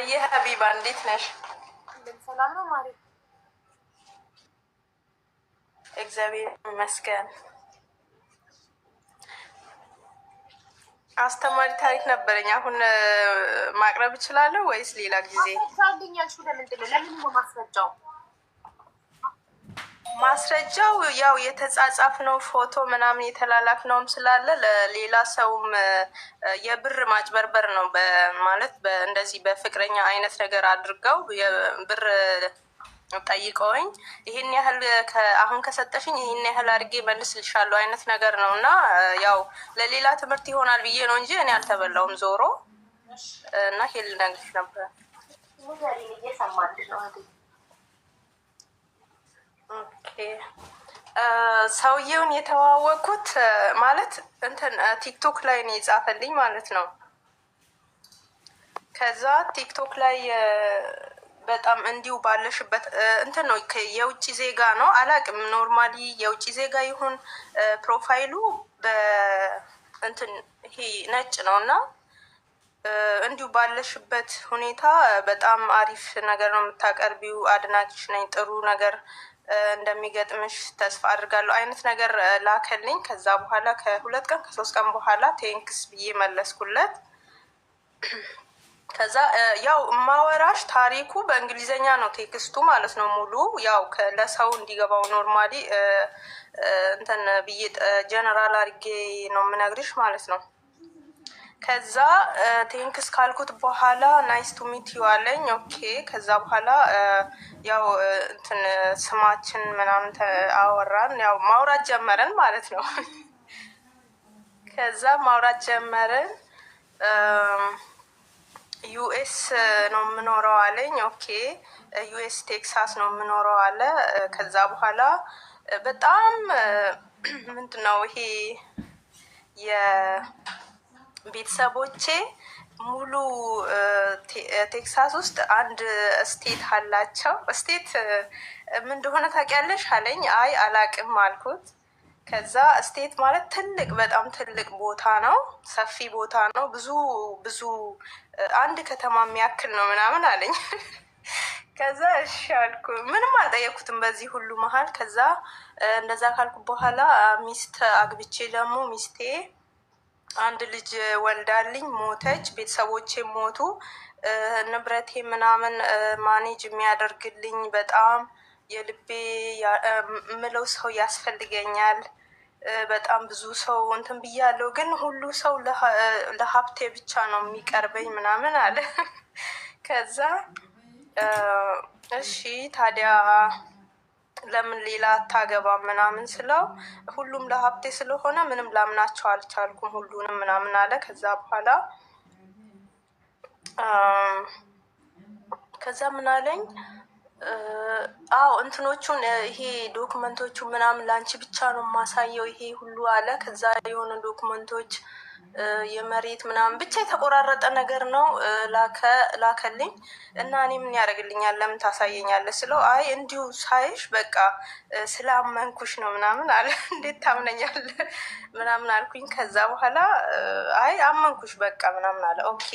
ማርዬ ሀቢባ እንዴት ነሽ? ሰላም ነው ማሪ። እግዚአብሔር ይመስገን። አስተማሪ ታሪክ ነበረኝ። አሁን ማቅረብ እችላለሁ ወይስ ሌላ ጊዜ? ለምንድን ነው ለምን ማስረጃው ማስረጃው ያው የተጻጻፍነው ፎቶ ምናምን የተላላክነውም ስላለ ለሌላ ሰውም የብር ማጭበርበር ነው ማለት እንደዚህ በፍቅረኛ አይነት ነገር አድርገው ብር ጠይቀውኝ ይህን ያህል አሁን ከሰጠሽኝ ይህን ያህል አድርጌ መልስልሻለሁ አይነት ነገር ነው እና ያው ለሌላ ትምህርት ይሆናል ብዬ ነው እንጂ እኔ አልተበላውም ዞሮ እና ሄል ነግሽ ነበር ሰውየውን የተዋወቅኩት ማለት እንትን ቲክቶክ ላይ ነው የጻፈልኝ ማለት ነው። ከዛ ቲክቶክ ላይ በጣም እንዲሁ ባለሽበት እንትን ነው። የውጭ ዜጋ ነው አላቅም። ኖርማሊ የውጭ ዜጋ ይሁን ፕሮፋይሉ በእንትን ይሄ ነጭ ነው እና እንዲሁ ባለሽበት ሁኔታ በጣም አሪፍ ነገር ነው የምታቀርቢው። አድናቂሽ ነኝ። ጥሩ ነገር እንደሚገጥምሽ ተስፋ አድርጋለሁ አይነት ነገር ላከልኝ። ከዛ በኋላ ከሁለት ቀን ከሶስት ቀን በኋላ ቴንክስ ብዬ መለስኩለት። ከዛ ያው ማወራሽ ታሪኩ በእንግሊዘኛ ነው ቴክስቱ ማለት ነው። ሙሉ ያው ለሰው እንዲገባው ኖርማሊ እንትን ብዬ ጀነራል አድርጌ ነው የምነግርሽ ማለት ነው። ከዛ ቴንክስ ካልኩት በኋላ ናይስ ቱ ሚት ዩ አለኝ። ኦኬ ከዛ በኋላ ያው እንትን ስማችን ምናምን አወራን፣ ያው ማውራት ጀመረን ማለት ነው። ከዛ ማውራት ጀመረን። ዩኤስ ነው የምኖረው አለኝ። ኦኬ ዩኤስ ቴክሳስ ነው የምኖረው አለ። ከዛ በኋላ በጣም ምንድን ነው ይሄ ቤተሰቦቼ ሙሉ ቴክሳስ ውስጥ አንድ ስቴት አላቸው። ስቴት ምን እንደሆነ ታውቂያለሽ አለኝ። አይ አላቅም አልኩት። ከዛ ስቴት ማለት ትልቅ በጣም ትልቅ ቦታ ነው፣ ሰፊ ቦታ ነው፣ ብዙ ብዙ አንድ ከተማ የሚያክል ነው ምናምን አለኝ። ከዛ እሺ አልኩ። ምንም አልጠየኩትም በዚህ ሁሉ መሀል። ከዛ እንደዛ ካልኩ በኋላ ሚስት አግብቼ ደግሞ ሚስቴ አንድ ልጅ ወልዳልኝ ሞተች። ቤተሰቦቼ ሞቱ። ንብረቴ ምናምን ማኔጅ የሚያደርግልኝ በጣም የልቤ ምለው ሰው ያስፈልገኛል። በጣም ብዙ ሰው እንትን ብያለው፣ ግን ሁሉ ሰው ለሀብቴ ብቻ ነው የሚቀርበኝ ምናምን አለ። ከዛ እሺ ታዲያ ለምን ሌላ አታገባ ምናምን ስለው ሁሉም ለሀብቴ ስለሆነ ምንም ላምናቸው አልቻልኩም ሁሉንም ምናምን አለ። ከዛ በኋላ ከዛ ምን አለኝ አዎ እንትኖቹን ይሄ ዶክመንቶቹ ምናምን ለአንቺ ብቻ ነው የማሳየው ይሄ ሁሉ አለ። ከዛ የሆነ ዶክመንቶች የመሬት ምናምን ብቻ የተቆራረጠ ነገር ነው ላከልኝ እና እኔ ምን ያደርግልኛል ለምን ታሳየኛለህ ስለው አይ እንዲሁ ሳይሽ በቃ ስላመንኩሽ ነው ምናምን አለ። እንዴት ታምነኛለህ ምናምን አልኩኝ። ከዛ በኋላ አይ አመንኩሽ በቃ ምናምን አለ። ኦኬ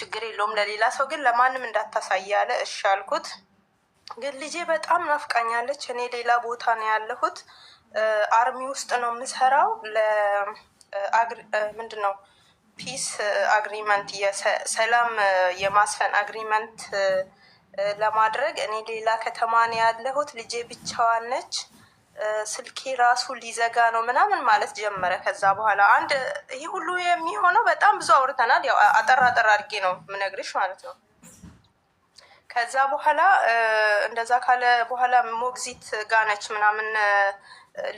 ችግር የለውም ለሌላ ሰው ግን ለማንም እንዳታሳየ አለ። እሺ አልኩት። ግን ልጄ በጣም ናፍቃኛለች። እኔ ሌላ ቦታ ነው ያለሁት፣ አርሚ ውስጥ ነው የምሰራው ምንድን ነው ፒስ አግሪመንት ሰላም የማስፈን አግሪመንት ለማድረግ እኔ ሌላ ከተማ ነው ያለሁት። ልጄ ብቻዋን ነች። ስልኬ ራሱ ሊዘጋ ነው ምናምን ማለት ጀመረ። ከዛ በኋላ አንድ ይህ ሁሉ የሚሆነው በጣም ብዙ አውርተናል። ያው አጠር አጠር አድርጌ ነው ምነግርሽ ማለት ነው። ከዛ በኋላ እንደዛ ካለ በኋላ ሞግዚት ጋነች ምናምን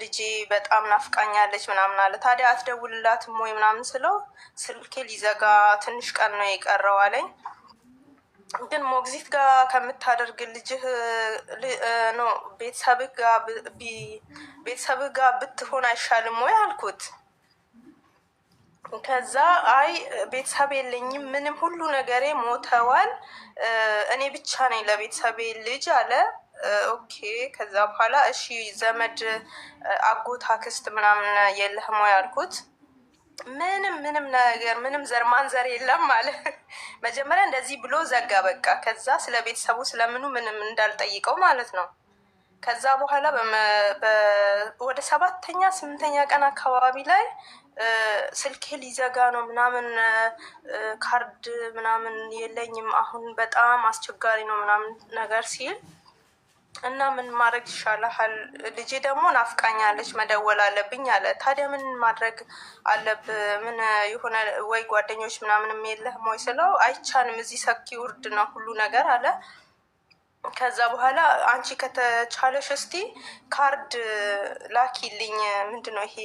ልጄ በጣም ናፍቃኛለች ምናምን አለ። ታዲያ አትደውልላትም ወይ ምናምን ስለው ስልኬ ሊዘጋ ትንሽ ቀን ነው የቀረው አለኝ። ግን ሞግዚት ጋር ከምታደርግ ልጅህ ነው ቤተሰብህ ጋር ብትሆን አይሻልም ወይ አልኩት። ከዛ አይ ቤተሰብ የለኝም፣ ምንም ሁሉ ነገሬ ሞተዋል፣ እኔ ብቻ ነኝ ለቤተሰቤ ልጅ አለ። ኦኬ። ከዛ በኋላ እሺ ዘመድ አጎት፣ አክስት ምናምን የለህም ወይ አልኩት። ምንም ምንም ነገር ምንም ዘር ማንዘር የለም አለ። መጀመሪያ እንደዚህ ብሎ ዘጋ በቃ። ከዛ ስለ ቤተሰቡ ስለምኑ ምንም እንዳልጠይቀው ማለት ነው። ከዛ በኋላ ወደ ሰባተኛ ስምንተኛ ቀን አካባቢ ላይ ስልኬ ሊዘጋ ነው ምናምን ካርድ ምናምን የለኝም አሁን በጣም አስቸጋሪ ነው ምናምን ነገር ሲል እና ምን ማድረግ ይሻልሃል? ልጄ ደግሞ ናፍቃኛለች፣ መደወል አለብኝ አለ። ታዲያ ምን ማድረግ አለብ? ምን የሆነ ወይ ጓደኞች ምናምንም የለህም ወይ ስለው አይቻንም፣ እዚህ ሰኪ ውርድ ነው ሁሉ ነገር አለ። ከዛ በኋላ አንቺ ከተቻለሽ እስቲ ካርድ ላኪልኝ። ምንድን ነው ይሄ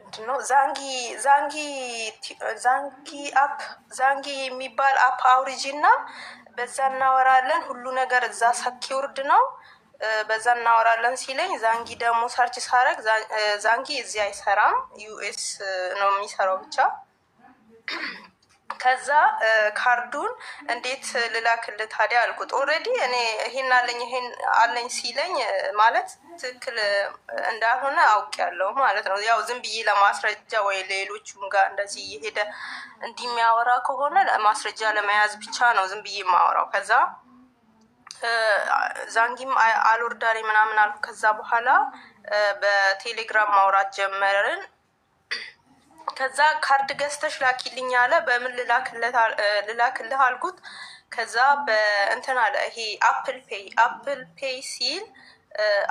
ምንድን ነው ዛንጊ ዛንጊ ዛንጊ አፕ ዛንጊ የሚባል አፕ አውሪጂ እና በዛ እናወራለን። ሁሉ ነገር እዛ ሰኪውርድ ነው። በዛ እናወራለን ሲለኝ ዛንጊ ደግሞ ሰርች ሳረግ ዛንጊ እዚህ አይሰራም፣ ዩኤስ ነው የሚሰራው ብቻ ከዛ ካርዱን እንዴት ልላክልህ ታዲያ አልኩት። ኦልሬዲ እኔ ይሄን አለኝ ይሄን አለኝ ሲለኝ ማለት ትክክል እንዳልሆነ አውቄያለሁ ማለት ነው። ያው ዝም ብዬ ለማስረጃ ወይ ሌሎቹም ጋር እንደዚህ እየሄደ እንዲሚያወራ ከሆነ ማስረጃ ለመያዝ ብቻ ነው ዝም ብዬ የማወራው። ከዛ ዛንጊም አልወርዳሬ ምናምን አልኩ። ከዛ በኋላ በቴሌግራም ማውራት ጀመርን። ከዛ ካርድ ገዝተሽ ላኪልኝ አለ። በምን ልላክልህ አልኩት። ከዛ በእንትን አለ ይሄ አፕል ፔይ አፕል ፔይ ሲል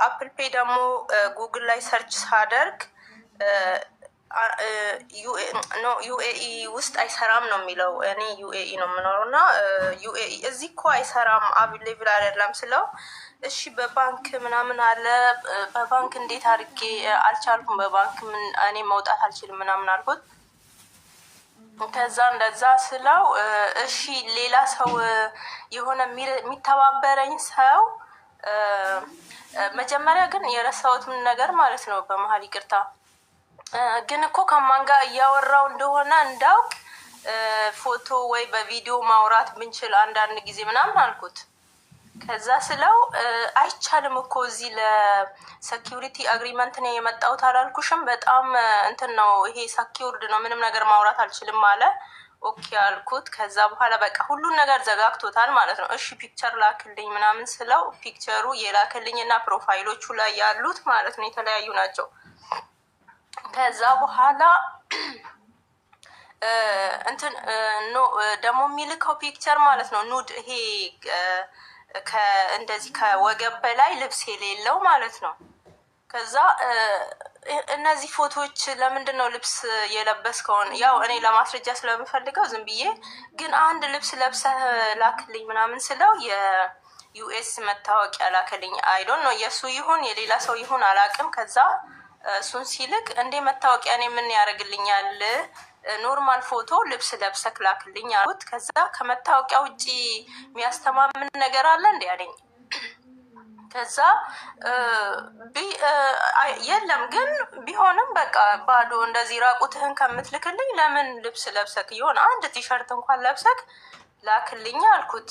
አፕል ፔይ ደግሞ ጉግል ላይ ሰርች ሳደርግ ዩኤኢ ውስጥ አይሰራም ነው የሚለው። እኔ ዩኤኢ ነው የምኖረው እና ዩኤኢ እዚህ እኮ አይሰራም አቪሌብል አይደለም ስለው፣ እሺ በባንክ ምናምን አለ። በባንክ እንዴት አድርጌ አልቻልኩም፣ በባንክ እኔ መውጣት አልችልም ምናምን አልኩት። ከዛ እንደዛ ስለው፣ እሺ ሌላ ሰው የሆነ የሚተባበረኝ ሰው መጀመሪያ ግን የረሳሁት ምን ነገር ማለት ነው በመሀል ይቅርታ ግን እኮ ከማን ጋር እያወራው እንደሆነ እንዳውቅ ፎቶ ወይ በቪዲዮ ማውራት ብንችል አንዳንድ ጊዜ ምናምን አልኩት። ከዛ ስለው አይቻልም እኮ እዚህ ለሰኪሪቲ አግሪመንት ነው የመጣሁት አላልኩሽም? በጣም እንትን ነው ይሄ ሰኪውርድ ነው፣ ምንም ነገር ማውራት አልችልም አለ። ኦኬ አልኩት። ከዛ በኋላ በቃ ሁሉን ነገር ዘጋግቶታል ማለት ነው። እሺ ፒክቸር ላክልኝ ምናምን ስለው ፒክቸሩ የላክልኝ እና ፕሮፋይሎቹ ላይ ያሉት ማለት ነው የተለያዩ ናቸው። ከዛ በኋላ እንትን ደግሞ የሚልከው ፒክቸር ማለት ነው ኑድ ይሄ እንደዚህ ከወገብ በላይ ልብስ የሌለው ማለት ነው። ከዛ እነዚህ ፎቶዎች ለምንድን ነው ልብስ የለበስከውን? ያው እኔ ለማስረጃ ስለምፈልገው ዝም ብዬ ግን አንድ ልብስ ለብሰህ ላክልኝ ምናምን ስለው የዩኤስ መታወቂያ ላክልኝ። አይዶን ነው የእሱ ይሁን የሌላ ሰው ይሁን አላውቅም። ከዛ እሱን ሲልክ እንዴ መታወቂያ እኔ ምን ያደርግልኛል? ኖርማል ፎቶ ልብስ ለብሰክ ላክልኝ አሉት። ከዛ ከመታወቂያ ውጭ የሚያስተማምን ነገር አለ እንዴ አለኝ። ከዛ የለም ግን ቢሆንም በቃ ባዶ እንደዚህ ራቁትህን ከምትልክልኝ ለምን ልብስ ለብሰክ ይሆን አንድ ቲሸርት እንኳን ለብሰክ ላክልኝ አልኩት።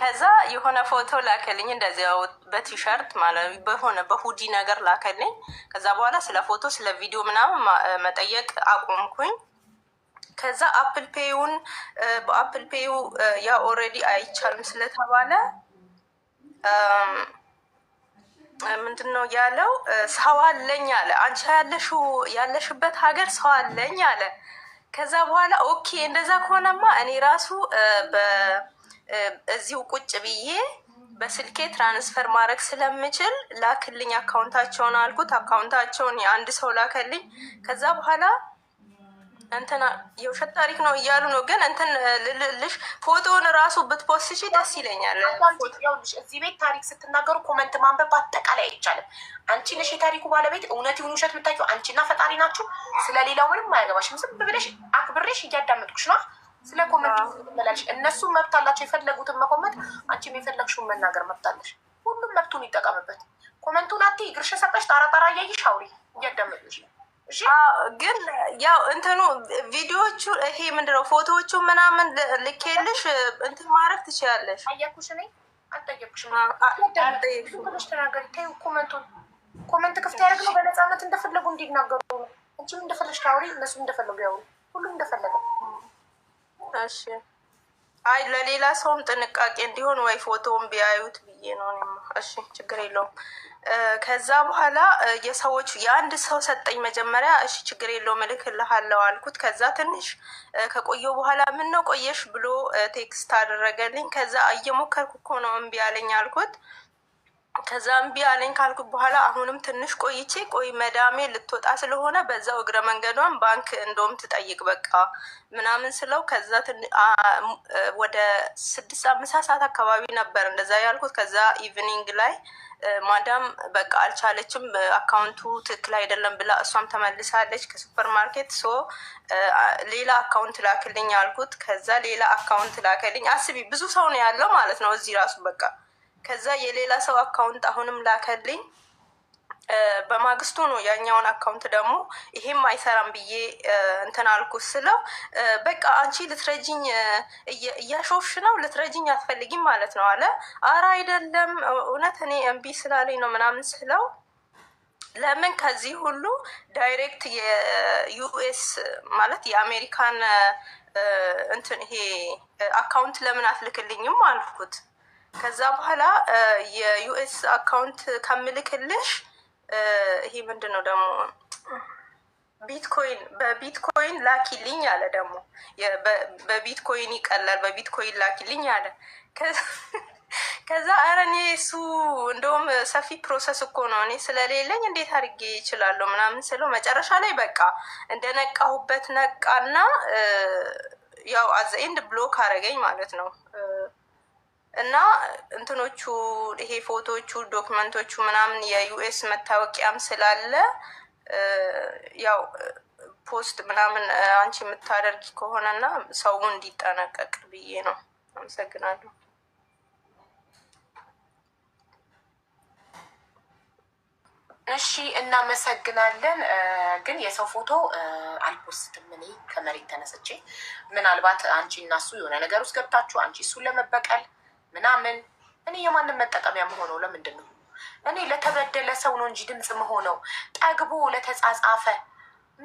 ከዛ የሆነ ፎቶ ላከልኝ እንደዚያ በቲሸርት ማለት በሆነ በሁዲ ነገር ላከልኝ። ከዛ በኋላ ስለ ፎቶ ስለ ቪዲዮ ምናምን መጠየቅ አቆምኩኝ። ከዛ አፕል ፔዩን በአፕል ፔዩ ያ ኦልሬዲ አይቻልም ስለተባለ ምንድን ነው ያለው? ሰው አለኝ አለ። አንቺ ያለሽበት ሀገር ሰው አለኝ አለ። ከዛ በኋላ ኦኬ እንደዛ ከሆነማ እኔ ራሱ እዚሁ ቁጭ ብዬ በስልኬ ትራንስፈር ማድረግ ስለምችል ላክልኝ አካውንታቸውን አልኩት። አካውንታቸውን የአንድ ሰው ላከልኝ። ከዛ በኋላ እንትና የውሸት ታሪክ ነው እያሉ ነው። ግን እንትን ልልልሽ ፎቶውን ራሱ ብትፖስቺ ደስ ይለኛል። እዚህ ቤት ታሪክ ስትናገሩ ኮመንት ማንበብ በአጠቃላይ አይቻልም። አንቺ ነሽ የታሪኩ ባለቤት። እውነት ይሁን ውሸት የምታውቂው አንቺና ፈጣሪ ናችሁ። ስለሌላው ምንም አያገባሽም። ዝም ብለሽ አክብሬሽ እያዳመጥኩሽ ነው። ስለ ኮመንት ትመላለሽ። እነሱም መብት አላቸው የፈለጉትን መኮመንት፣ አንቺም የፈለግሽውን መናገር መብት አለሽ። ሁሉም መብቱን ይጠቀምበት። ኮመንቱን አቲ እግርሽ ሰጠሽ ጣራ ጣራ እያይሽ አውሪ እያዳመጥሽ ግን ያው እንትኑ ቪዲዮቹ ይሄ ምንድነው ፎቶዎቹ ምናምን ልኬልሽ እንትን ማድረግ ትችላለሽ። አያኩሽ ነ አልጠየኩሽም። ተናገሪ ተይው። ኮመንቱን ኮመንት ክፍት ያደርግ ነው በነፃነት እንደፈለጉ እንዲናገሩ ነው። አንቺም እንደፈለግሽ ታውሪ፣ እነሱም እንደፈለጉ ያውሪ። ሁሉም እንደፈለገ እሺ። አይ ለሌላ ሰውም ጥንቃቄ እንዲሆን ወይ ፎቶውን ቢያዩት ብዬ ነው። እሺ፣ ችግር የለውም። ከዛ በኋላ የሰዎች የአንድ ሰው ሰጠኝ መጀመሪያ። እሺ፣ ችግር የለውም እልክልሃለሁ አልኩት። ከዛ ትንሽ ከቆየሁ በኋላ ምን ነው ቆየሽ ብሎ ቴክስት አደረገልኝ። ከዛ እየሞከርኩ እኮ ነው እምቢ አለኝ አልኩት። ከዛ እምቢ አለኝ ካልኩ በኋላ አሁንም ትንሽ ቆይቼ ቆይ መዳሜ ልትወጣ ስለሆነ በዛው እግረ መንገዷን ባንክ እንደውም ትጠይቅ በቃ ምናምን ስለው ከዛ ወደ ስድስት አምሳ ሰዓት አካባቢ ነበር እንደዛ ያልኩት። ከዛ ኢቭኒንግ ላይ ማዳም በቃ አልቻለችም፣ አካውንቱ ትክክል አይደለም ብላ እሷም ተመልሳለች ከሱፐር ማርኬት ሶ ሌላ አካውንት ላክልኝ አልኩት። ከዛ ሌላ አካውንት ላከልኝ። አስቢ ብዙ ሰው ነው ያለው ማለት ነው እዚህ ራሱ በቃ ከዛ የሌላ ሰው አካውንት አሁንም ላከልኝ። በማግስቱ ነው ያኛውን አካውንት ደግሞ ይሄም አይሰራም ብዬ እንትን አልኩት ስለው በቃ አንቺ ልትረጅኝ እያሾፍሽ ነው ልትረጅኝ አትፈልጊም ማለት ነው አለ። አረ አይደለም እውነት እኔ እምቢ ስላለኝ ነው ምናምን ስለው ለምን ከዚህ ሁሉ ዳይሬክት የዩኤስ ማለት የአሜሪካን እንትን ይሄ አካውንት ለምን አትልክልኝም አልኩት። ከዛ በኋላ የዩኤስ አካውንት ከምልክልሽ ይሄ ምንድን ነው ደግሞ ቢትኮይን በቢትኮይን ላኪልኝ አለ። ደግሞ በቢትኮይን ይቀላል በቢትኮይን ላኪልኝ አለ። ከዛ አረ እኔ እሱ እንደውም ሰፊ ፕሮሰስ እኮ ነው፣ እኔ ስለሌለኝ እንዴት አድርጌ ይችላለሁ ምናምን ስለው መጨረሻ ላይ በቃ እንደነቃሁበት ነቃና ያው አዘኤንድ ብሎክ አረገኝ ማለት ነው። እና እንትኖቹ ይሄ ፎቶዎቹ ዶክመንቶቹ ምናምን የዩኤስ መታወቂያም ስላለ ያው ፖስት ምናምን አንቺ የምታደርጊ ከሆነና ሰው እንዲጠነቀቅ ብዬ ነው። አመሰግናለሁ። እሺ እናመሰግናለን። ግን የሰው ፎቶ አልፖስትም። እኔ ከመሬት ተነስቼ ምናልባት አንቺ እናሱ የሆነ ነገር ውስጥ ገብታችሁ አንቺ እሱን ለመበቀል ምናምን። እኔ የማንም መጠቀሚያ መሆነው ለምንድን ነው? እኔ ለተበደለ ሰው ነው እንጂ ድምፅ መሆነው ጠግቦ ለተጻጻፈ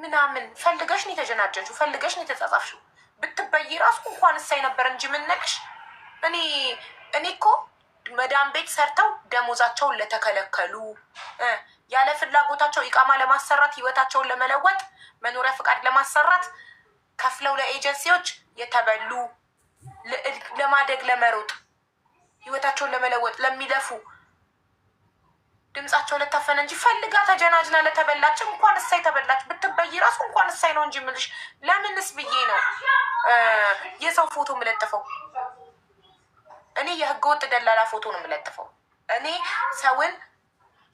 ምናምን ፈልገሽ ነው የተጀናጀንሽው፣ ፈልገሽ ነው የተጻጻፍሽው። ብትበይ ራሱ እንኳን እሳይ ነበር እንጂ ምንነቅሽ። እኔ እኔ እኮ መዳም ቤት ሰርተው ደሞዛቸውን ለተከለከሉ ያለ ፍላጎታቸው ኢቃማ ለማሰራት ህይወታቸውን ለመለወጥ መኖሪያ ፈቃድ ለማሰራት ከፍለው ለኤጀንሲዎች የተበሉ ለማደግ ለመሮጥ ህይወታቸውን ለመለወጥ ለሚለፉ ድምጻቸው ለታፈነ እንጂ ፈልጋ ተጀናጅና ለተበላች እንኳን እሳይ ተበላች ብትበይ ራሱ እንኳን እሳይ ነው እንጂ ምልሽ ለምንስ ብዬ ነው የሰው ፎቶ የምለጥፈው? እኔ የህገወጥ ደላላ ፎቶ ነው የምለጥፈው። እኔ ሰውን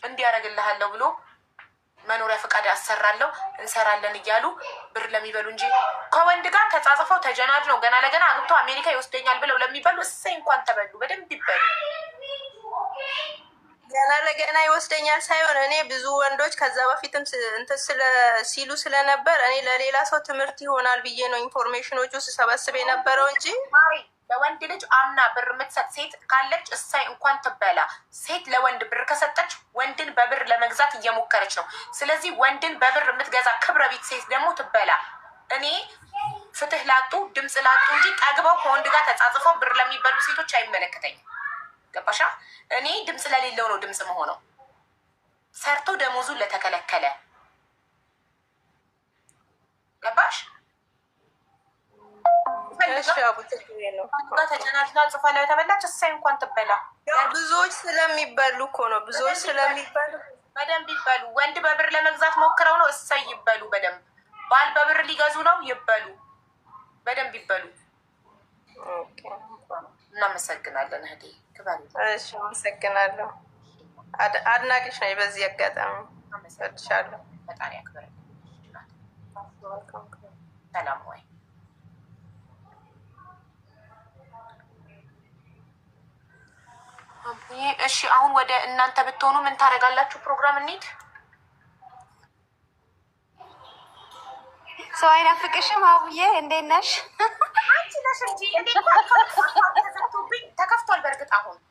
እንዲያደርግልሃለሁ ብሎ መኖሪያ ፈቃድ አሰራለሁ እንሰራለን እያሉ ብር ለሚበሉ እንጂ ከወንድ ጋር ተጻጽፈው ተጀናድ ነው ገና ለገና አግብቶ አሜሪካ ይወስደኛል ብለው ለሚበሉ እሰይ እንኳን ተበሉ፣ በደንብ ይበሉ። ገና ለገና ይወስደኛል ሳይሆን እኔ ብዙ ወንዶች ከዛ በፊትም እንትን ሲሉ ስለነበር እኔ ለሌላ ሰው ትምህርት ይሆናል ብዬ ነው ኢንፎርሜሽኖቹ ስሰበስብ የነበረው እንጂ ለወንድ ልጅ አምና ብር የምትሰጥ ሴት ካለች እሳይ እንኳን ትበላ። ሴት ለወንድ ብር ከሰጠች ወንድን በብር ለመግዛት እየሞከረች ነው። ስለዚህ ወንድን በብር የምትገዛ ክብረ ቤት ሴት ደግሞ ትበላ። እኔ ፍትህ ላጡ ድምፅ ላጡ እንጂ ጠግበው ከወንድ ጋር ተጻጽፈው ብር ለሚበሉ ሴቶች አይመለከተኝም። ገባሻ? እኔ ድምፅ ለሌለው ነው ድምፅ መሆነው። ሰርቶ ደሞዙን ለተከለከለ ገባሽ? ተጨናጅና ጽፋ ላይ ተበላች። እሳይ እንኳን ትበላ። ብዙዎች ስለሚበሉ እኮ ነው። ብዙዎች ስለሚበሉ በደንብ ይበሉ። ወንድ በብር ለመግዛት ሞክረው ነው። እሳይ ይበሉ በደንብ። ባል በብር ሊገዙ ነው። ይበሉ በደንብ ይበሉ። እናመሰግናለን እህቴ። እሺ፣ አመሰግናለሁ። አድናቂሽ ነኝ። በዚህ አጋጣሚ እወድሻለሁ። እሺ፣ አሁን ወደ እናንተ ብትሆኑ ምን ታደርጋላችሁ? ፕሮግራም እንሂድ ሰው አይናፍቅሽም? አቡዬ እንዴት ነሽ? አንቺ ነሽ እንጂ ተከፍቷል። በእርግጥ አሁን